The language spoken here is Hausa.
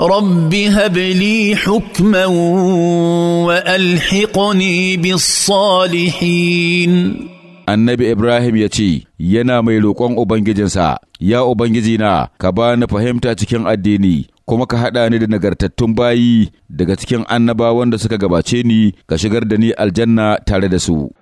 رب هب لي حكما والحقني بالصالحين annabi Ibrahim ya ce, Yana mai roƙon Ubangijinsa, Ya Ubangijina, ka ba ni fahimta cikin addini, kuma ka haɗa ni da nagartattun bayi daga cikin annabawan da suka gabace ni, ka shigar da ni aljanna tare da su.